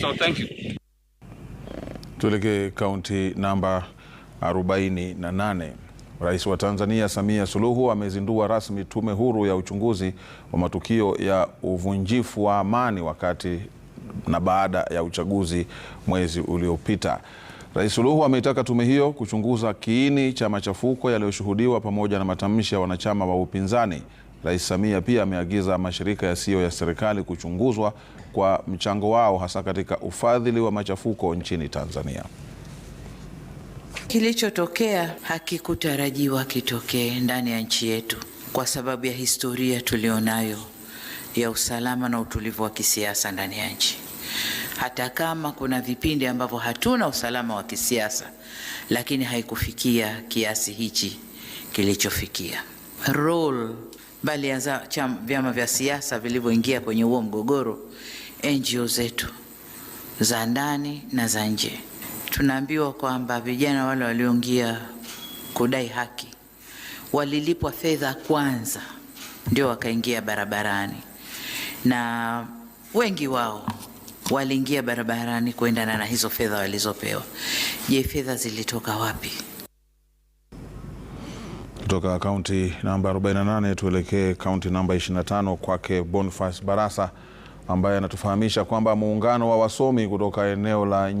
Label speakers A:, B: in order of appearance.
A: So thank you.
B: Tuelekee kaunti namba 48. Rais wa Tanzania Samia Suluhu amezindua rasmi tume huru ya uchunguzi wa matukio ya uvunjifu wa amani wakati na baada ya uchaguzi mwezi uliopita. Rais Suluhu ameitaka tume hiyo kuchunguza kiini cha machafuko yaliyoshuhudiwa pamoja na matamshi ya wanachama wa upinzani. Rais Samia pia ameagiza mashirika yasiyo ya, ya serikali kuchunguzwa kwa mchango wao hasa katika ufadhili wa machafuko nchini Tanzania.
C: Kilichotokea hakikutarajiwa kitokee ndani ya nchi yetu kwa sababu ya historia tulionayo ya usalama na utulivu wa kisiasa ndani ya nchi. Hata kama kuna vipindi ambavyo hatuna usalama wa kisiasa, lakini haikufikia kiasi hichi kilichofikia. Role mbali ya vyama vya siasa vilivyoingia kwenye huo mgogoro, NGO zetu za ndani na za nje. Tunaambiwa kwamba vijana wale walioingia kudai haki walilipwa fedha kwanza, ndio wakaingia barabarani, na wengi wao waliingia barabarani kuendana na hizo fedha walizopewa. Je, fedha zilitoka wapi?
D: Kutoka kaunti namba 48 tuelekee kaunti namba 25 kwake Boniface Barasa ambaye anatufahamisha kwamba muungano wa wasomi kutoka eneo la